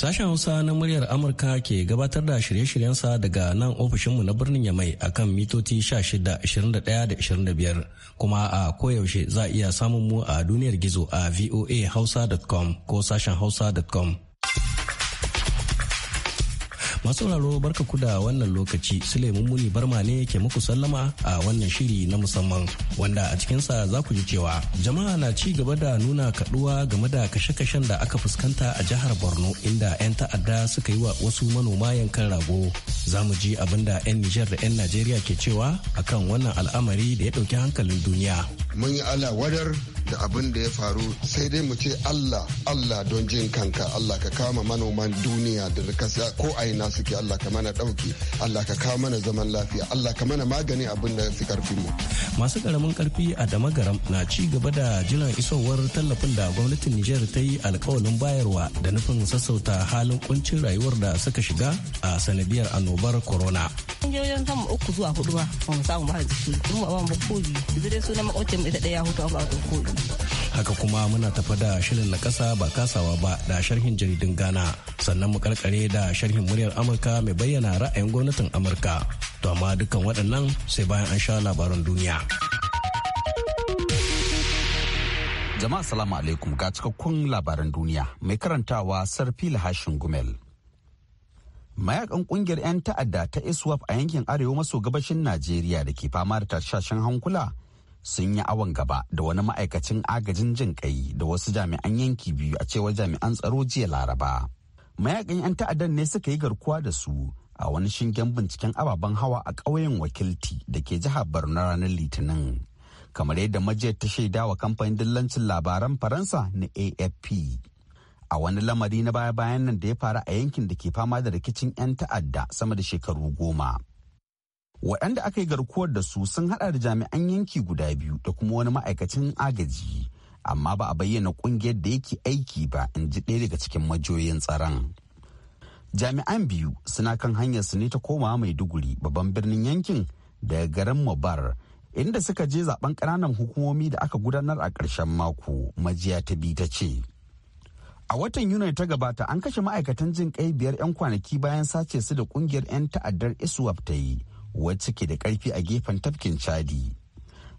Sashen Hausa na muryar Amurka ke gabatar da shirye-shiryensa daga nan ofishinmu na birnin Yamai akan mitoci 16, da 25 kuma a koyaushe za a iya samun mu a duniyar gizo a voahausa.com ko sashen hausa.com. Masu sauraro barka ku da wannan lokaci Suleiman Muni Barma ne ke muku sallama a wannan shiri na musamman wanda a cikinsa za ku ji cewa jama'a na ci gaba da nuna kaduwa game da kashe-kashen da aka fuskanta a jihar Borno inda 'yan ta'adda suka yi wa wasu manoma yankan rago. Za mu ji abin da 'yan Nijar da 'yan Najeriya ke cewa akan wannan al'amari da ya ɗauki hankalin duniya. mun yi Allah wadar da abin da ya faru sai dai mu ce Allah Allah don jin kanka Allah ka kama manoman duniya da kasa ko a ina suke Allah ka mana dauki Allah ka kama mana zaman lafiya Allah ka mana magani abin da fi karfi mu masu karamin karfi a damagaram na ci gaba da jiran isowar tallafin da gwamnatin Nijar ta yi alkawalin bayarwa da nufin sassauta halin kuncin rayuwar da suka shiga a sanadiyar annobar corona kungiyoyin sama uku zuwa hudu ba ba mu samu ba jiki kuma ba mu ko yanzu dai sunan makwabcin ita ɗaya hutu ba ko bi haka kuma muna tafa da shirin na kasa ba kasawa ba da sharhin jaridun Ghana sannan mu karkare da sharhin muryar Amurka mai bayyana ra'ayin gwamnatin Amurka to amma dukkan waɗannan sai bayan an sha labaran duniya jama'a salamu alaikum ga cikakkun labaran duniya mai karantawa sarfila hashin gumel mayakan kungiyar 'yan ta'adda ta ISWAP a yankin arewa maso gabashin najeriya da ke fama da tashashen hankula sun yi awon gaba da wani ma'aikacin agajin jin kai da wasu jami'an yanki biyu a cewar jami'an tsaro jiya laraba mayakan 'yan ta'addan ne suka yi garkuwa da su a wani shingen binciken ababen hawa a ƙauyen wakilti da ke jihar borno ranar litinin kamar yadda majiyar ta shaidawa wa kamfanin dillancin labaran faransa na afp a wani lamari na baya-bayan nan da ya faru a yankin da ke fama da rikicin 'yan ta'adda sama da shekaru goma. Waɗanda aka yi garkuwar da su sun haɗa da jami'an yanki guda biyu da kuma wani ma'aikacin agaji, amma ba a bayyana ƙungiyar da yake aiki ba in ji ɗaya daga cikin majoyin tsaron. Jami'an biyu suna kan hanyar su ne ta komawa Maiduguri babban birnin yankin daga garin Mabar inda suka je zaben ƙananan hukumomi da aka gudanar a ƙarshen mako majiya ta bi ta ce. A watan Yuni ta gabata an kashe ma'aikatan jin kai biyar 'yan kwanaki bayan sace su da kungiyar 'yan ta'addar ISWAP ta yi wacce ke da karfi a gefen tafkin Chadi.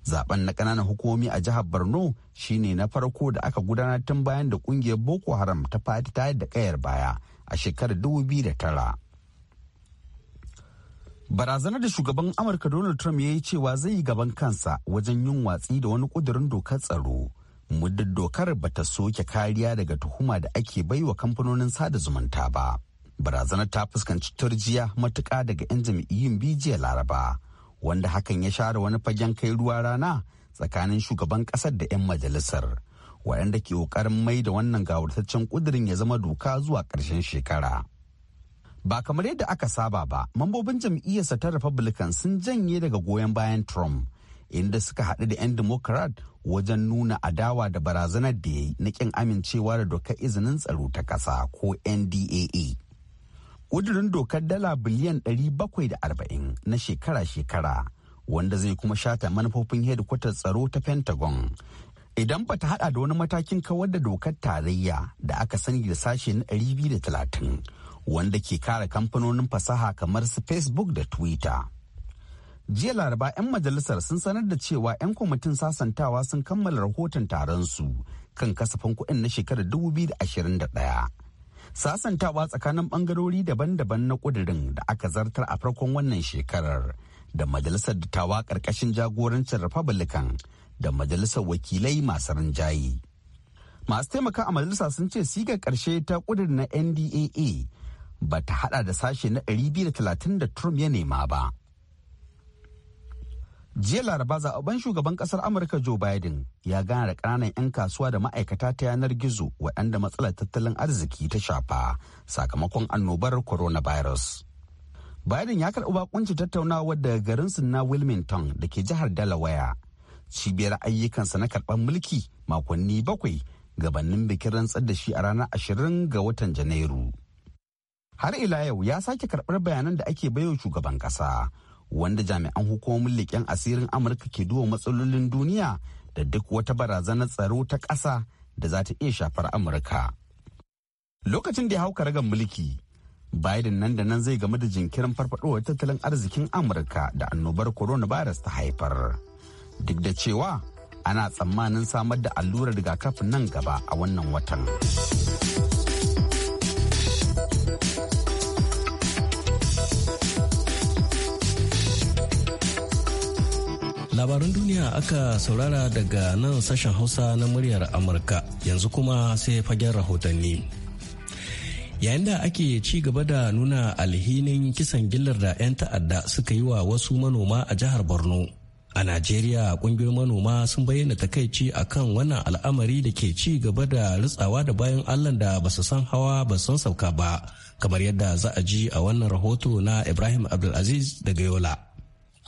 Zaben na ƙananan hukumomi a jihar Borno shine na farko da aka gudanar tun bayan da kungiyar Boko Haram ta fadi ta da kayar baya a shekarar 2009. Barazanar da shugaban Amurka Donald Trump ya yi cewa zai yi gaban kansa wajen yin watsi da wani kudurin dokar tsaro. muddin dokar ba ta soke kariya daga tuhuma da ake bai wa kamfanonin sada zumunta ba barazanar ta fuskanci turjiya matuka daga 'yan jam'iyyun bijiya laraba wanda hakan ya share wani fagen kai ruwa rana tsakanin shugaban ƙasar da 'yan majalisar waɗanda ke ƙoƙarin mai da wannan gawurtaccen ƙudurin ya zama doka zuwa ƙarshen shekara ba kamar yadda aka saba ba mambobin jam'iyyarsa ta republican sun janye daga goyon bayan trump inda suka haɗu da 'yan democrat wajen nuna adawa da barazanar da ya yi na ƙin amincewa da dokar izinin tsaro ta ƙasa ko ndaa ƙudurin dokar dala biliyan 740 na shekara-shekara wanda zai kuma shata manufofin hedikwatar tsaro ta pentagon idan ba ta hada da wani matakin kawar da dokar tarayya da aka sani da sashe na 230 wanda ke kare kamfanonin fasaha kamar su facebook da twitter jiya laraba 'yan majalisar sun sanar da cewa 'yan kwamitin sasantawa sun kammala rahoton taron su kan kasafin kuɗin na shekarar 2021 sasantawa tsakanin bangarori daban-daban na ƙudurin da aka zartar a farkon wannan shekarar da majalisar dattawa ƙarƙashin jagorancin republican da majalisar wakilai masu rinjaye masu taimaka a majalisa sun ce sigar ƙarshe ta ƙudurin na ndaa ba ta hada da sashe na 230 da trump ya nema ba jiya laraba zaɓen shugaban ƙasar amurka joe biden ya gana da ƙananan 'yan kasuwa da ma'aikata ta yanar gizo waɗanda matsalar tattalin arziki ta shafa sakamakon annobar coronavirus biden ya karɓi bakunci tattaunawa daga garinsu na wilmington da ke jihar delaware cibiyar ayyukansa na karɓar mulki makonni bakwai gabanin bikin rantsar da shi a ranar ashirin ga watan janairu har ila yau ya sake karɓar bayanan da ake baiwa shugaban ƙasa wanda jami'an hukumomin leƙen asirin amurka ke duba matsalolin duniya da duk wata barazanar tsaro ta ƙasa da za ta iya shafar amurka lokacin da ya hauka ragar mulki biden nan da nan zai game da jinkirin farfadowar tattalin arzikin amurka da annobar coronavirus ta haifar duk da cewa ana tsammanin samar da allurar rigakafin nan gaba a wannan watan. labaran duniya aka saurara daga nan sashen hausa na muryar amurka yanzu kuma sai fagen rahotanni yayin da ake ci gaba da nuna alhinin kisan gillar da 'yan ta'adda suka yi wa wasu manoma a jihar borno a najeriya kungiyoyin manoma sun bayyana takaici akan wannan al'amari da ke ci gaba da ritsawa da bayan allah da ba su san hawa ba san sauka ba kamar yadda za a ji a wannan rahoto na ibrahim abdulaziz daga yola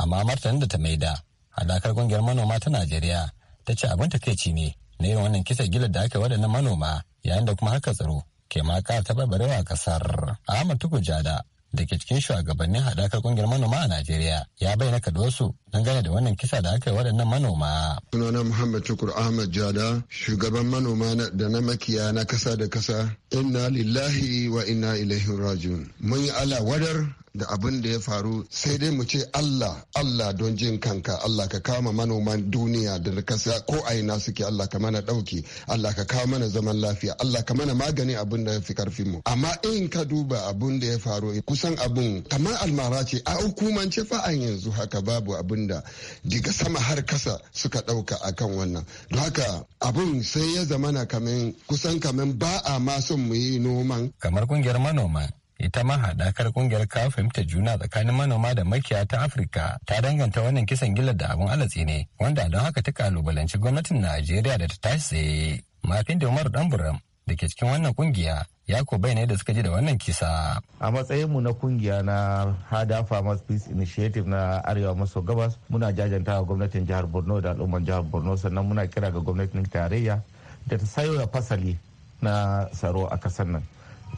amma martanin da ta maida hadakar kungiyar manoma ta najeriya ta ce abin takaici ne na irin wannan kisa gilar da aka waɗannan manoma yayin da kuma haka tsaro ke ma ƙara ta a ƙasar ahmad tukujada da ke cikin shugabannin hadakar kungiyar manoma a Najeriya ya bayyana kaduwarsu dangane da wannan kisa da aka yi waɗannan manoma. Sunana Muhammad Tukur Ahmad Jada, shugaban manoma da na makiya na kasa da kasa, inna lillahi wa inna ilaihi rajiun. Mun yi ala wadar da abin da ya faru sai dai mu ce Allah Allah don jin kanka Allah ka kama manoman duniya da kasa ko a ina suke Allah ka mana dauki Allah ka kawo mana zaman lafiya Allah ka mana magani abin da ya fi karfin mu amma in ka duba abin da ya faru kusan abin kamar almara ce a hukumance fa an yanzu haka babu abin da diga sama har kasa suka dauka akan wannan don haka abin sai ya zamana kamin kusan ba a ma son mu yi noman kamar kungiyar manoma ita ma haɗakar ƙungiyar ka ta juna tsakanin manoma da makiya ta afirka ta danganta wannan kisan gilar da abun alatsi ne wanda don haka ta kalubalanci gwamnatin najeriya da ta tashi tsaye mafin da umar danburam da ke cikin wannan ƙungiya ya ko ne da suka ji da wannan kisa a matsayinmu na kungiya na hada farmers peace initiative na arewa maso gabas muna jajanta jajantawa gwamnatin jihar borno da al'umman jihar borno sannan muna kira ga gwamnatin tarayya da ta sayo fasali na tsaro a kasar nan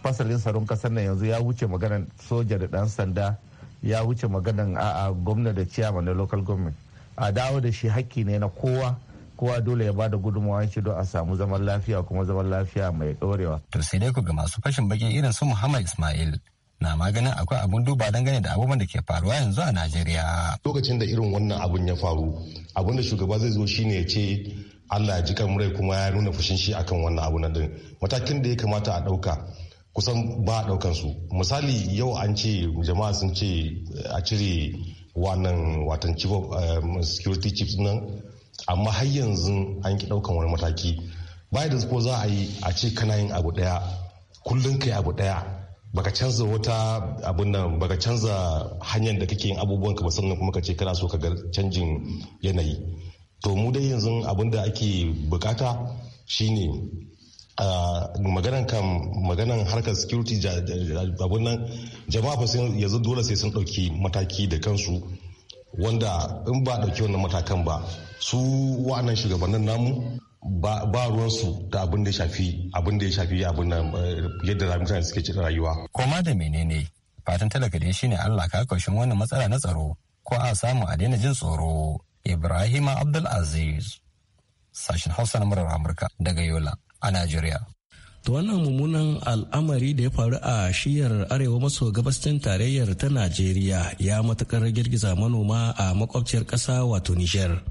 fasalin tsaron kasar nan yanzu ya wuce maganan soja da dan sanda ya wuce maganan a gwamna da ciyama na local government a dawo da shi hakki ne na kowa kowa dole ya ba da gudunmawa shi don a samu zaman lafiya kuma zaman lafiya mai ɗorewa. to sai dai ku ga masu fashin baki irin su muhammad ismail na maganin akwai abun duba dangane da abubuwan da ke faruwa yanzu a najeriya lokacin da irin wannan abun ya faru abun da shugaba zai zo shi ne ya ce allah ya ji kan murai kuma ya nuna fushin shi akan wannan abu na din matakin da ya kamata a ɗauka kusan ba daukan su misali yau an ce jama'a sun ce eh, a cire wannan watan eh, security chips nan amma har yanzu an ki daukan wani mataki bai da ko za a yi a ce kana yin abu daya kullum kai abu daya baka canza wata abun nan baka canza hanyar da kake yin abubuwan ka ba sannan kuma ka ce kana so ka ga canjin yanayi to mu dai yanzu abin da ake bukata shine maganan kan maganan harkar security abun nan jama'a fa yanzu dole sai sun ɗauki mataki da kansu wanda in ba ɗauki wannan matakan ba su wa'annan shugabannin namu ba ruwansu da abin da ya shafi abin da ya shafi abin nan eh, yadda mutane suke cikin rayuwa. Koma da menene fatan talaka dai shine Allah ka kaushin wannan matsala na tsaro ko a samu a daina jin tsoro. Ibrahima Abdulaziz sashen Hausa na murar Amurka daga Yola a Najeriya. ta wannan mummunan al'amari da ya faru a shiyar arewa maso gabashin tarayyar ta Najeriya ya matukar girgiza manoma a makwabciyar ƙasa wato Nijar.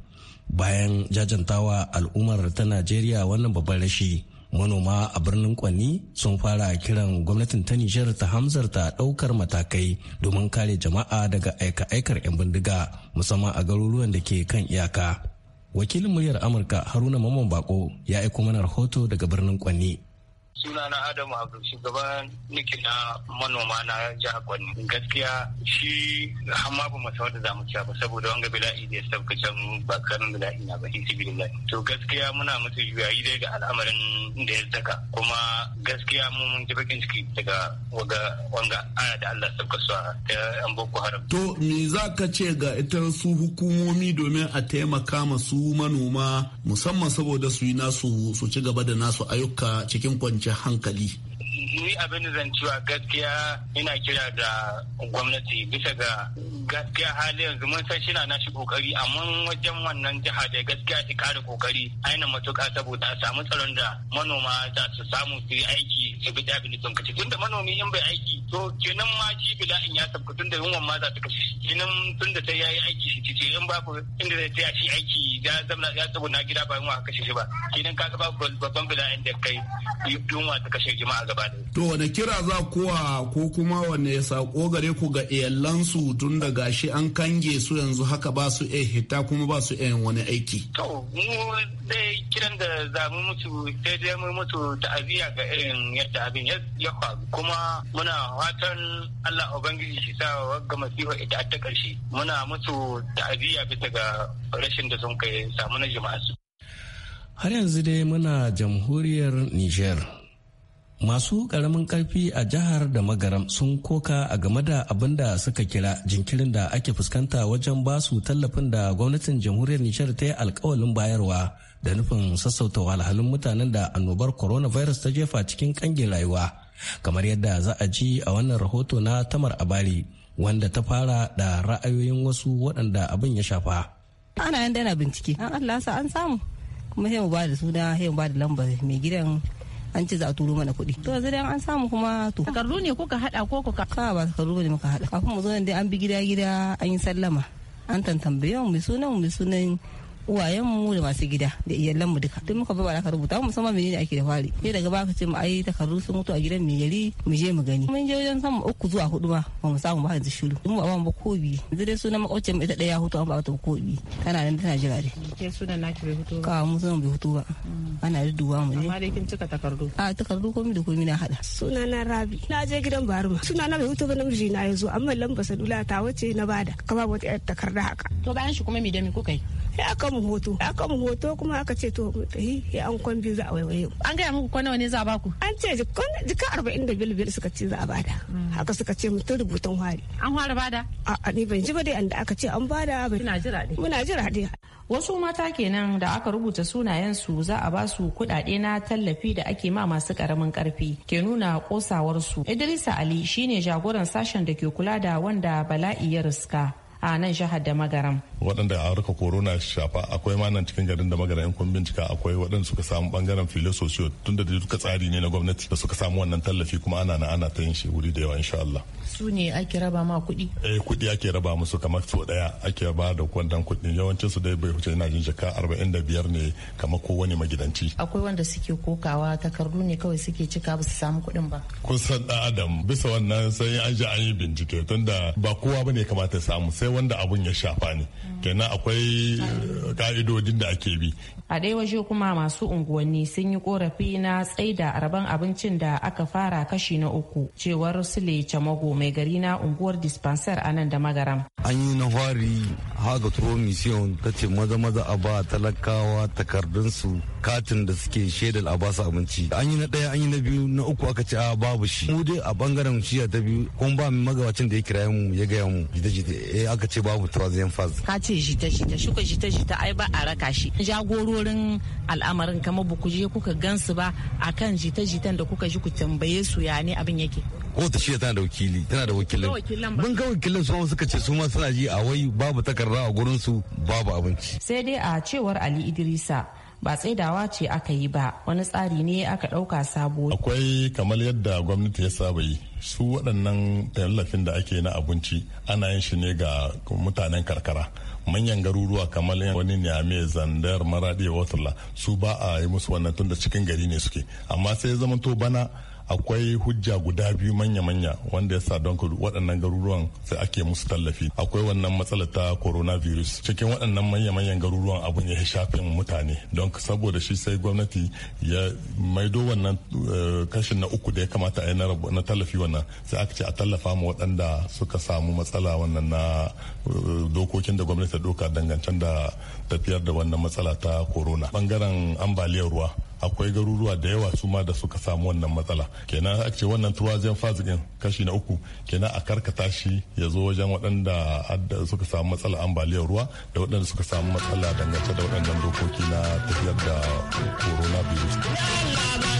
Bayan jajantawa al'ummar ta Najeriya wannan babban rashi. manoma a birnin kwanni sun fara kiran gwamnatin ta nijar ta hamzar ta ɗaukar matakai domin kare jama'a daga aika-aikar 'yan bindiga musamman a garuruwan da ke kan iyaka wakilin muryar amurka haruna mamman bako ya aiko mana rahoto daga birnin kwanni sunana adamu abu shugaban niki na manoma na jihar kwanni gaskiya shi hamma ba masa wanda zamu ci ba saboda wanga bila'i da ya sauka can ba karin bila'i na ba hisi bila'i to gaskiya muna musu juyayi dai ga al'amarin da ya saka kuma gaskiya mu mun ji bakin ciki daga wanga wanga ana da Allah sauka su ta an boko haram to me za ka ce ga ita su hukumomi domin a taimaka ma su manoma musamman saboda su yi nasu su ci gaba da nasu ayyuka cikin kwanci kwanciyar hankali ni abin da zan cewa gaskiya ina kira ga gwamnati bisa ga gaskiya hali yanzu mun san shina na shi kokari amma wajen wannan jiha da gaskiya shi kare kokari aina matuka saboda a samu tsaron da manoma za su samu su yi aiki su bi da abin da tunda manomi in bai aiki to kenan ma shi in ya sabka tunda yunwa ma za ta kashe kenan tunda sai ya yi aiki shi cice in babu inda zai tsaya shi aiki ya zama ya na gida ba yunwa kashe shi ba kenan kaga babu babban bila'in da kai yunwa ta kashe jima'a gaba To wane kira za kuwa ko kuma wane sako gare ku ga iyalansu tun da gashi an kange su yanzu haka ba su iya hita kuma ba su iya wani aiki. To mu dai kiran da za mu mutu sai dai mu mutu ta'aziyya ga irin yadda abin ya faru kuma muna fatan Allah Ubangiji shi sa ga masifa ita ta karshe muna mutu ta'aziyya bisa ga rashin da sun kai samu na jama'a. Har yanzu dai muna jamhuriyar Niger. masu ƙaramin ƙarfi a jihar da magaram sun koka a game da abin da suka kira jinkirin da ake fuskanta wajen basu tallafin da gwamnatin jamhuriyar nishar ta yi alkawalin bayarwa da nufin sassauta wahalhalun mutanen da annobar coronavirus ta jefa cikin kangin rayuwa kamar yadda za a ji a wannan rahoto na tamar abari wanda ta fara da ra'ayoyin wasu waɗanda abin ya shafa ana yan dana bincike an allah an samu kuma sai mu ba da suna sai mu ba da lambar mai gidan an ce za a turo mana kuɗi to yanzu an samu kuma to takardu ne kuka haɗa ko kuka ka ba takardu ne muka haɗa kafin mu zo nan dai an bi gida gida an yi sallama an biyan mu sunan mu sunan uwayenmu da masu gida da iyalanmu duka tun muka baba ka rubuta mu musamman menene ake da fari sai daga baka ce mu ai takardu sun mutu a gidan mai gari mu je mu gani mun je wajen samu uku zuwa hudu ma ba mu samu ba yanzu shiru mu ba mu ko bi yanzu dai sunan makwabcin ita daya hutu an ba ta ko bi tana nan tana jira dai ke sunan naki bai hutu ba ka mu sunan bai hutu ba mm. ana duwa mu ne amma dai kin cika takardu a takardu komai da komai na hada sunan na rabi na je gidan baruma sunan na bai hutu ba miji na yazo amma lamba sadula ta wace na bada ka ba wata takarda haka to bayan shi kuma me da me kuka yi ya aka mu hoto aka mu hoto kuma aka ce to hi eh, an kwan biyu za a waiwaye an gaya muku kwana ne za a baku an ce jika arba'in da bilbil suka ce za a bada hmm. haka suka ce mutum rubutun hari an fara bada a ni ban ji ba dai da aka ce an bada muna jira dai muna jira dai wasu mata kenan da aka rubuta sunayensu za a ba su kudade na tallafi da ake ma masu ƙaramin ƙarfi ke nuna ƙosawarsu idrisa ali shine jagoran sashen da ke kula da wanda bala'i ya riska a nan jihar da magaram waɗanda a harkar corona shafa akwai ma nan cikin garin da magaran kun bincika akwai waɗanda suka samu bangaren filo sosiyo tun da duka tsari ne na gwamnati da suka samu wannan tallafi kuma ana na ana ta yin shi wuri da yawa insha Allah su ne ake raba ma kuɗi eh kuɗi ake raba musu kamar so ɗaya ake ba da kwandan kuɗi yawancin su dai bai wuce ina jin jaka arba'in da biyar ne kamar kowane magidanci akwai wanda suke kokawa takardu ne kawai suke cika ba su samu kuɗin ba kusan ɗan adam bisa wannan sai an ji an yi bincike tunda ba kowa bane kamata ya samu sai wanda abun ya shafa ne kenan akwai eh, ka'idodin da ake bi a ɗaya waje kuma masu unguwanni sun yi korafi na tsaida rabon abincin da aka fara kashi na uku cewar sule chamago mai gari na unguwar dispenser a nan da magaram an yi na fari haka turo mission ta ce maza maza a ba talakawa takardunsu katin da suke shaidar a basu abinci an yi na ɗaya an yi na biyu na uku aka ce a babu shi mu dai a bangaren shiya ta biyu kun ba mu magawacin da ya kira mu ya gaya mu jita jita eh ka ce babu tuwaziyan faz ka ce jita jita shuka jita jita ai ba a raka shi jagororin al'amarin kama ba ku je kuka gansu ba akan jita jitan da kuka ji ku tambaye su ya ne abin yake ta shiya tana da wakili tana da wakilin mun ga wakilin su suka ce su ma suna ji a wai babu takarda a gurin su babu abinci sai dai a cewar ali idrisa ba tsaidawa ce aka yi ba wani tsari ne aka ɗauka sabo. akwai kamar yadda gwamnati ya saba yi su waɗannan tallafin da ake na abinci ana yin shi ne ga mutanen karkara manyan garuruwa kamar wani nyame zandar maraɗi watula su ba a yi musu wannan tun da cikin gari ne suke amma sai ya zama to bana akwai hujja guda biyu manya-manya wanda ya sa don waɗannan garuruwan sai ake musu tallafi akwai wannan matsala ta coronavirus cikin waɗannan manya-manyan garuruwan abun ya shafin mutane don saboda shi sai gwamnati ya maido wannan eh, kashin na uku da ya kamata a yi na tallafi wannan sai aka ce a tallafa ma waɗanda suka samu matsala wannan na eh, dokokin da gwamnati ta doka dangancen da tafiyar da wannan matsala ta corona bangaren ambaliyar ruwa akwai garuruwa da yawa su ma da suka samu wannan matsala kenan a ce wannan turwajen fazikin kashi na uku kenan a karkata shi ya zo wajen waɗanda suka samu matsala ambaliyar ruwa da waɗanda suka samu matsala dangance da waɗannan dokoki na tafiyar da coronavirus.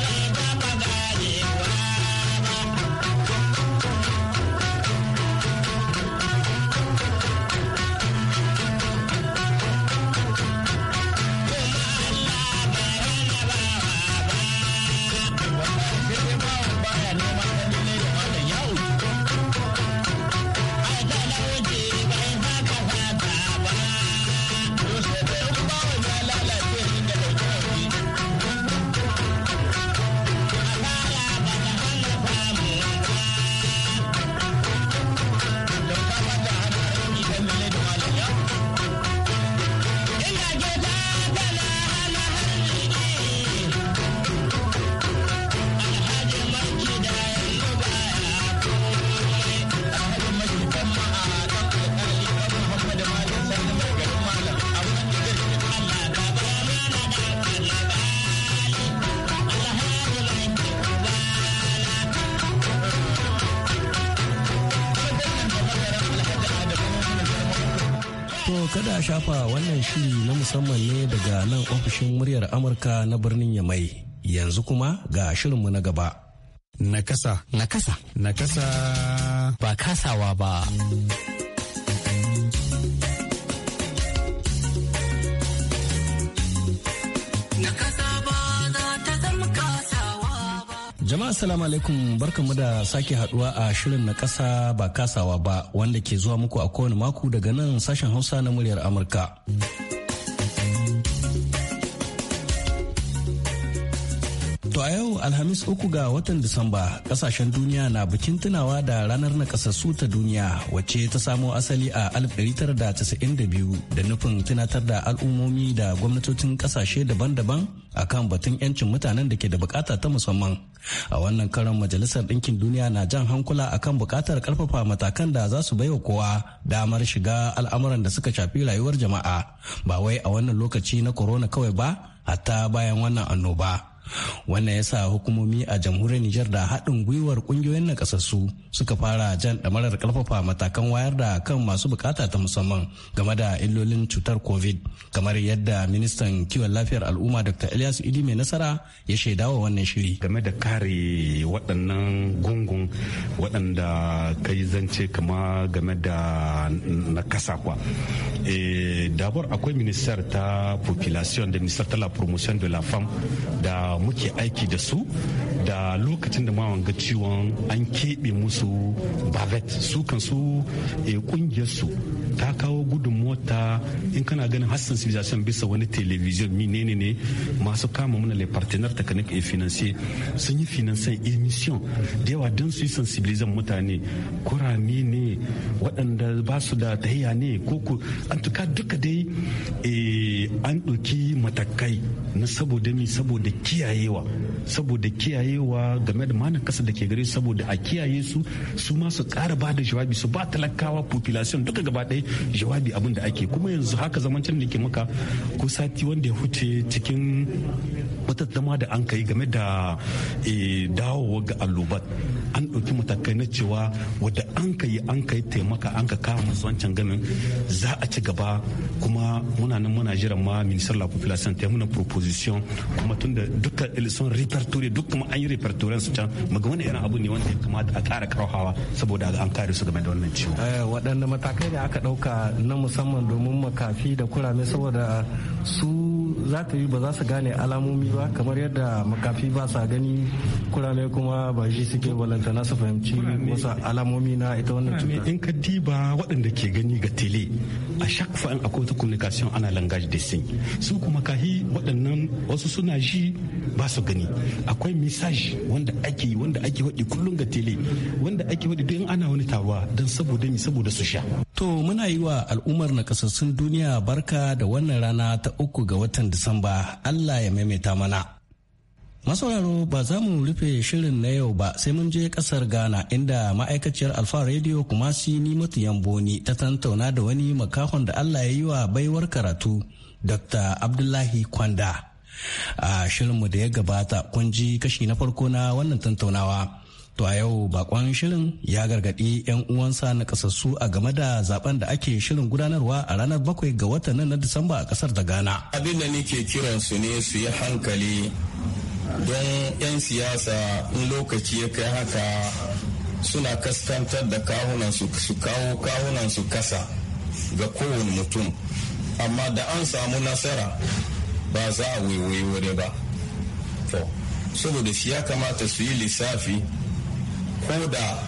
kada a shafa wannan shiri na musamman ne daga nan ofishin muryar Amurka na birnin Yamai. Yanzu kuma ga shirinmu na gaba. Nakasa. Nakasa. Nakasa. Ba kasawa ba. Jama'a salamu alaikum barkanmu da sake haduwa a shirin na kasa ba kasawa ba wanda ke zuwa muku a kowane mako daga nan sashen Hausa na muryar Amurka. Alhamis uku ga watan Disamba kasashen duniya na bikin tunawa da ranar nakasassu ta duniya wacce ta samo asali a 1992 da nufin tunatar da al'ummomi da gwamnatocin kasashe daban-daban akan batun 'yancin mutanen da ke da bukata ta musamman. A wannan karan Majalisar Ɗinkin Duniya na jan hankula akan bukatar karfafa matakan da za su baiwa kowa damar shiga al'amuran da suka shafi rayuwar jama'a ba wai a wannan lokaci na corona kawai ba hatta bayan wannan annoba. wannan ya sa hukumomi a jamhuriyar nijar da haɗin gwiwar ƙungiyoyin nakasassu suka fara jan ɗamarar ƙarfafa matakan wayar da kan masu bukata ta musamman game da illolin cutar covid kamar yadda ministan kiwon lafiyar al'umma dr elias idi mai nasara ya shaidawa wannan shiri game da kare waɗannan gungun waɗanda kai zance kama game da nakasa kwa eh, dabar akwai ministar ta population da ministar ta la promotion de la femme da da muke aiki da su da lokacin da mawanga ciwon an keɓe musu bavet su kan su kungiyar eh, su ta kawo gudun mota in kana ganin har sensibilisation bisa wani television menene ne masu kama muna le partenaire technique et financier sun yi finansan emission da yawa don su yi sensibilizan mutane kurami ne waɗanda ba su da tahiya ne ko an tuka duka dai eh, an ɗauki matakai na saboda mi saboda kiyayewa saboda kiyayewa game da manan kasa da ke gare saboda a kiyaye su su ma su kara ba da jawabi su ba talakawa population duka gaba ɗaya jawabi abin da ake kuma yanzu haka zamancin da ke maka ko sati wanda ya huce cikin wata dama da an kai game da eh, dawowa ga allubat an ɗauki matakai na cewa wadda an kai an kai taimaka an ka kama masu wancan ganin za a ci gaba kuma muna nan muna jiran ma ministar la la santé muna proposition kuma tunda duka sun repertory duk kuma an yi repertory su can maga wani irin abu ne wanda ya kamata a ƙara karhawa saboda an kare su game da wannan ciwo waɗanne matakai ne aka ɗauka na musamman domin makafi da kurame saboda su za ka yi ba za su gane alamomi ba kamar yadda makafi ba sa gani kurame kuma ba shi suke balantana su fahimci wasu alamomi na ita wannan cuta in ka diba waɗanda ke gani ga tele a shak fois akwai wata communication ana langage de sing su kuma kahi waɗannan wasu suna ji ba su gani akwai message wanda ake yi wanda ake waɗi kullum ga tele wanda ake waɗi don ana wani taruwa don saboda mi saboda su sha to muna yi wa al'ummar nakasassun duniya barka da wannan rana ta uku ga watan watan Disamba Allah ya maimaita mana. Masauraro ba za mu rufe shirin na yau ba sai mun je kasar Ghana inda ma'aikaciyar Alfa Radio Kumasi Nimatu Yamboni ta tantauna da wani makahon da Allah ya yi wa baiwar karatu Dr. Abdullahi Kwanda. A shirinmu da ya gabata kun ji kashi na farko na wannan tantaunawa. To a yau bakon shirin ya gargaɗi 'yan uwansa na kasassu a game da zaben da ake shirin gudanarwa a ranar bakwai ga watan nan na Disamba a kasar da Ghana. Abin da nake kiran su ne su yi hankali don 'yan siyasa in lokaci ya kai haka suna kaskantar da kawunan su kawo kawunansu kasa ga kowane mutum. Amma da an samu nasara ba za a waiwaye ba. To, saboda shi ya kamata su yi lissafi ko da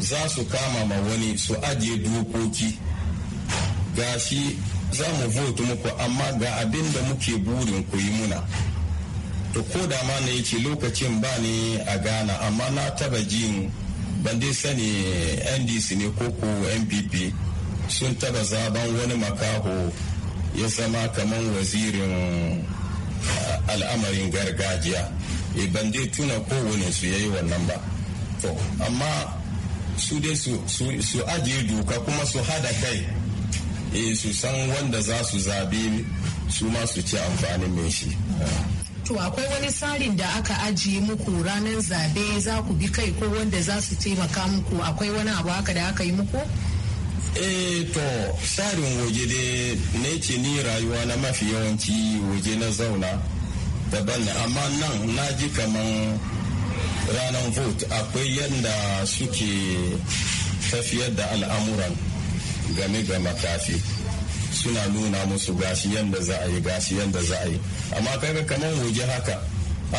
za su kama ma wani su ajiye dokoki ga shi za mu vote muku amma ga abin da muke burin ku yi muna to ko da ma na yake lokacin ba ne a ghana amma na taba jin ban dai sani ndc ne ko ko npp sun taba zaben wani makaho ya zama kaman wazirin al'amarin gargajiya eh, ban dai tuna kowane su ya yi wannan ba to amma su dai su ajiye doka kuma su hada kai e su san wanda za su zabi su ma su ci amfani mai shi to akwai wani tsarin da aka ajiye muku ranar zabe za ku bi kai ko wanda za su taimaka muku akwai wani abu haka da aka yi muku eh to tsarin waje dai ne ce ni rayuwa na mafi yawanci waje na zauna daban amma nan na ji kaman ranar vote akwai yadda suke tafiyar da al'amuran game ga makafi suna nuna musu gashi yadda za a yi gashi yadda za a yi amma kaga kamar waje haka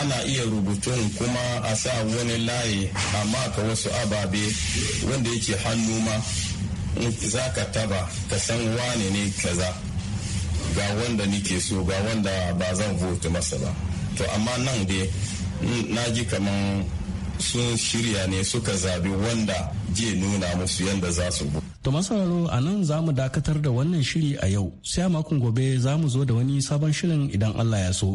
ana iya rubutun kuma a sa wani layi amma ka wasu ababe wanda yake hannu ma za ka taba ka san wane ne kaza ga wanda nike so ga wanda ba zan vote masa ba to amma nan dai na ji kaman sun shirya ne suka zabi wanda je nuna musu yadda za su bu. To masauraro a nan za mu dakatar da wannan shiri a yau sai a makon gobe za mu zo da wani sabon shirin idan Allah ya so.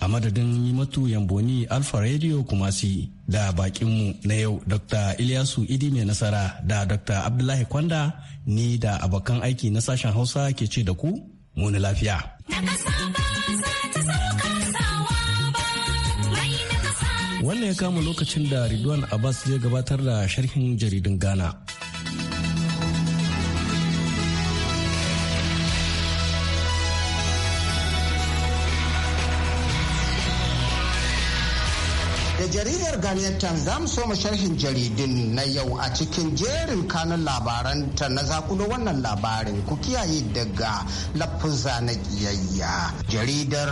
A madadin matu Yamboni Alfa Radio Kumasi da bakinmu na yau Dr. Ilyasu Idi mai nasara da Dr. Abdullahi Kwanda ni da abokan aiki na sashen Hausa ke ce da ku muni lafiya. Wannan ya kama lokacin da Ridwan Abbas ya gabatar da sharhin jaridun Ghana. Da jaridar Ghanaian Times za mu soma sharhin jaridun na yau a cikin jerin kanun labaran ta na zakulo wannan labarin ku kiyaye daga lafuza na kiyayya. Jaridar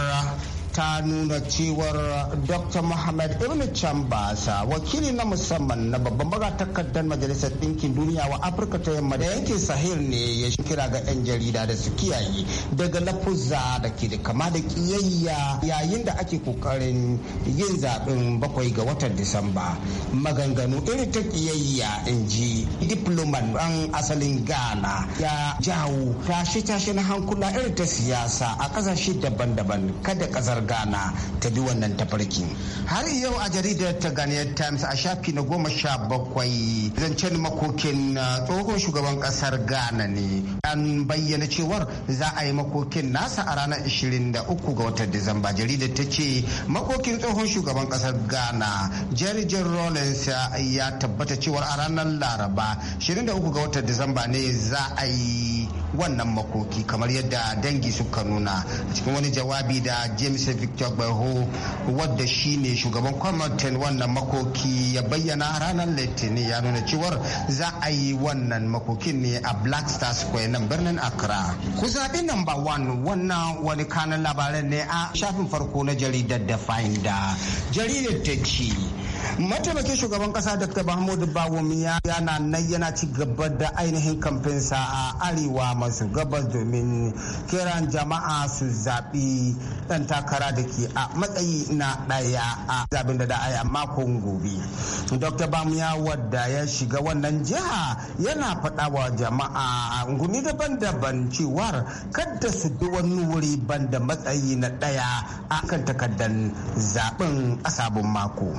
ta nuna cewar dr muhammad ibn chambasa wakili na musamman na babban magatakardar majalisar ɗinkin duniya wa afirka ta yamma da yankin sahel ne ya kira ga 'yan jarida da su kiyaye daga lafuza da ke da kama da kiyayya yayin da ake kokarin yin zaɓen bakwai ga watan disamba maganganu irin ta kiyayya in ji diploman ɗan asalin ghana ya jawo tashe-tashe na hankula irin ta siyasa a ƙasashe daban-daban kada ƙasar ghana ta bi wannan tafarki har yau a jaridar ta ghanaian times a shafi na goma sha bakwai zancen makokin uh, tsohon shugaban kasar ghana ne an bayyana cewar za a yi makokin nasa a ranar 23 ga watan disamba jaridar ta ce makokin tsohon shugaban kasar ghana jaridar rollins ya tabbata cewar a ranar laraba 23 ga watan disamba ne za a yi wannan makoki kamar yadda dangi suka nuna a cikin wani jawabi da james victor gbaho wadda shi ne shugaban kwamitin wannan makoki ya bayyana ranar litinin ya nuna cewar za a yi wannan makokin ne a black star square nan birnin accra ku zaɓi namba one wannan wani kanan labaran ne a shafin farko na jaridar da finder jaridar ta ce mataimakin shugaban kasa dr mahmudu ya yana nan yana ci gaba da ainihin kamfinsa a arewa masu gabas domin kiran jama'a su zaɓi ɗan takara da ke a matsayi na ɗaya a zaɓen da da aya makon gobe dr ya wadda ya shiga wannan jiha yana faɗa wa jama'a guni daban-daban cewar kada su bi wani wuri da matsayi na ɗaya a kan takardar zaɓen a mako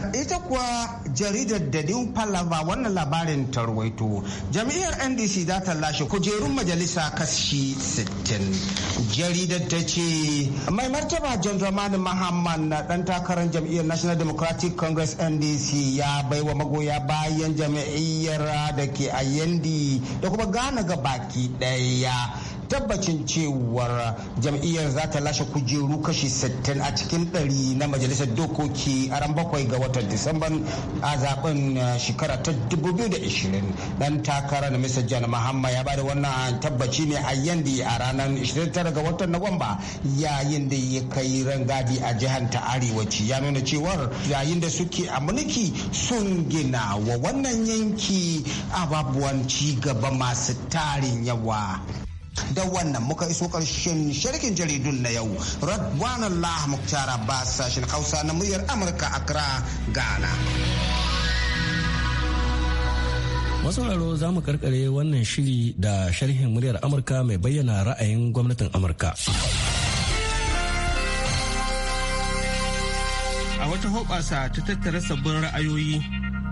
kuwa jaridar da New Palava wannan labarin tarwaito. Jami'ar NDC za ta lashe kujerun majalisa kashi 60. Jaridar ta ce mai martaba John Dramani Mahamman na dan takarar jam'iyyar National Democratic Congress NDC ya baiwa magoya bayan jam'iyyar da ke a yandi da kuma gana ga baki ɗaya. tabbacin cewar jam'iyyar za ta lashe kujeru kashi 60 a cikin 100 na majalisar dokoki a ran bakwai ga watan disamba Satumban a zaben uh, shekara ta 2020 dan takara na Mr. John Mahama ya bada wannan uh, tabbaci ne a yandi a ranar 29 ga watan Nuwamba yayin da ya kai rangadi a jihar ta arewaci ya nuna cewar yayin da suke a mulki sun gina wa wannan yanki ababuwan ci gaba masu tarin yawa da wannan muka iso karshen sharkin jaridun na yau radwanan lah muktar sashen hausa na muryar amurka kira ghana raro za mu karkare wannan shiri da sharhin muryar amurka mai bayyana ra'ayin gwamnatin amurka a wata hoɓasa ta tattara sabbin ra'ayoyi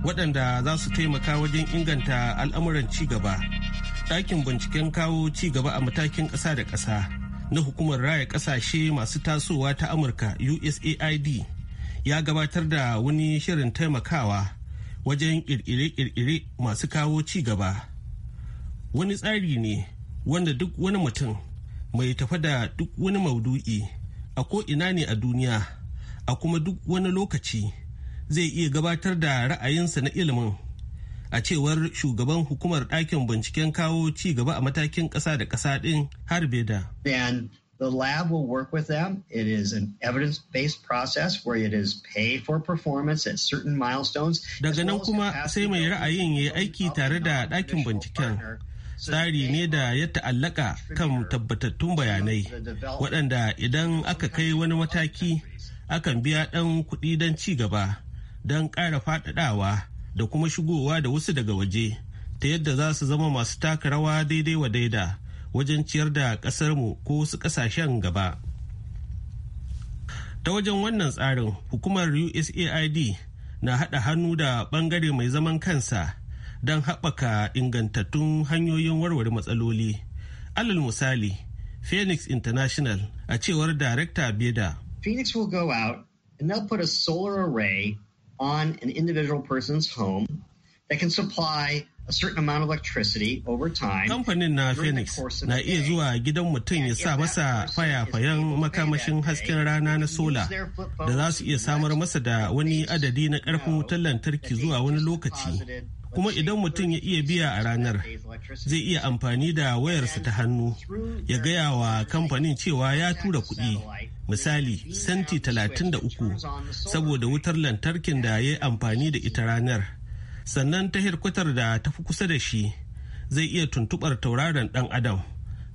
waɗanda za su taimaka wajen inganta al'amuran ci gaba ɗakin binciken kawo ci gaba a matakin ƙasa da ƙasa na hukumar raya ƙasashe masu tasowa ta amurka usaid ya gabatar da wani shirin taimakawa wajen ƙirƙire-ƙirƙire masu kawo ci gaba wani tsari ne wanda duk wani mutum mai tafa da duk wani maudu'i a ko'ina ne a duniya a kuma duk wani lokaci zai iya gabatar da ra'ayinsa na ilimin a cewar shugaban hukumar ɗakin binciken kawo ci gaba a matakin ƙasa da ƙasa ɗin harbeda The lab will work with them. It is an evidence based process where it is paid for performance at certain milestones. Daga nan kuma sai mai ra'ayin ya aiki tare da ɗakin binciken. Tsari ne da ya ta'allaka kan tabbatattun bayanai waɗanda idan aka kai wani mataki akan biya ɗan kuɗi don ci gaba don ƙara faɗaɗawa da kuma shigowa da wasu daga waje ta yadda za su zama masu taka rawa daidai wa daida wajen ciyar da mu ko wasu kasashen gaba. Ta wajen wannan tsarin hukumar USAID na hada hannu da bangare mai zaman kansa don haɓaka ingantattun hanyoyin warware matsaloli. Alal misali, Phoenix International a cewar Darekta Beda. Phoenix will go out and they'll put a solar array on an individual person's home that can supply a certain amount of electricity over time. Kamfanin na Phoenix na iya zuwa gidan mutum ya sa masa fayafayen makamashin hasken rana na sola da za su iya samar masa da wani adadi na ƙarfin wutar lantarki zuwa wani lokaci. Kuma idan mutum ya iya biya a ranar, zai iya amfani da wayarsa ta hannu ya gaya wa kamfanin cewa ya tura kuɗi misali senti 33 saboda wutar lantarkin da ya yi amfani da ita ranar sannan ta hirkutar da ta fi kusa da shi zai iya tuntubar tauraron dan adam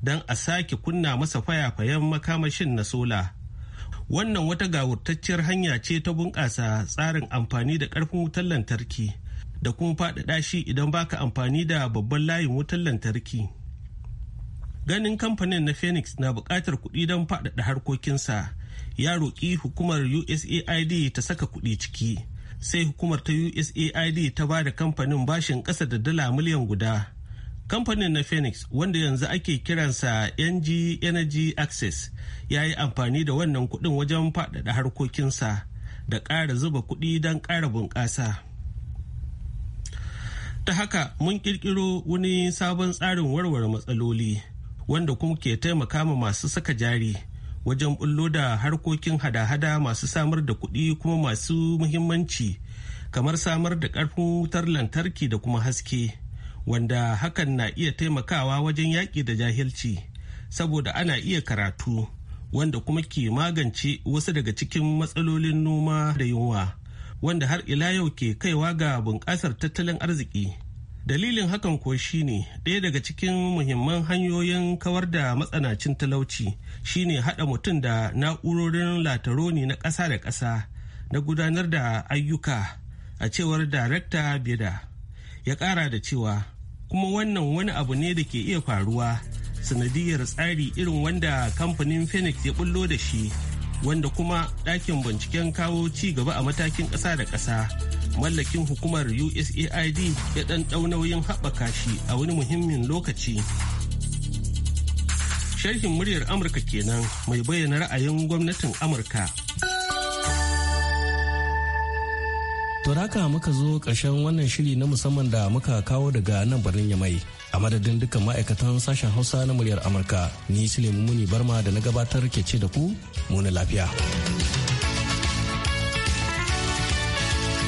don a sake kunna masa fayafayen makamashin na sola wannan wata gawurtacciyar hanya ce ta bunƙasa tsarin amfani da ƙarfin wutar lantarki da kuma faɗaɗa shi idan baka amfani da babban layin wutar lantarki. ganin kamfanin na phoenix na buƙatar kuɗi don faɗaɗa harkokinsa ya roƙi hukumar usaid ta saka kuɗi ciki sai hukumar ta usaid ta ba da kamfanin bashin ƙasa da dala miliyan guda kamfanin na phoenix wanda yanzu ake kiransa ng energy access ya yi amfani da wannan kuɗin wajen faɗaɗa harkokinsa da ƙara zuba kuɗi don ƙara bunƙasa. ta haka mun ƙirƙiro wani sabon tsarin warware matsaloli wanda kuma ke taimaka ma masu saka jari wajen bullo da harkokin hada-hada masu samar da kuɗi kuma masu muhimmanci kamar samar da ƙarfin wutar lantarki da kuma haske wanda hakan na iya taimakawa wajen yaƙi da jahilci saboda ana iya karatu wanda kuma ke magance wasu daga cikin matsalolin noma da yunwa wanda har ila yau ke kaiwa ga bunƙasar tattalin arziki. dalilin hakan kuwa ne ɗaya daga cikin muhimman hanyoyin kawar da matsanacin talauci shine haɗa mutum da na'urorin lataroni na ƙasa da ƙasa na gudanar da ayyuka a cewar darakta beda ya ƙara da cewa kuma wannan wani abu ne da ke iya faruwa sanadiyar tsari irin wanda kamfanin phoenix ya bullo da shi wanda kuma ɗakin binciken kawo ci gaba a matakin ƙasa da ƙasa mallakin hukumar usaid ya dan nauyin haɓaka shi a wani muhimmin lokaci sharhin muryar amurka kenan mai bayyana ra'ayin gwamnatin amurka To haka muka zo ƙarshen wannan shiri na musamman da muka kawo daga nan birnin Yamai. A madadin dukkan ma'aikatan sashen Hausa na muryar Amurka, ni Suleiman Muni Barma da na gabatar ke ce da ku, na lafiya.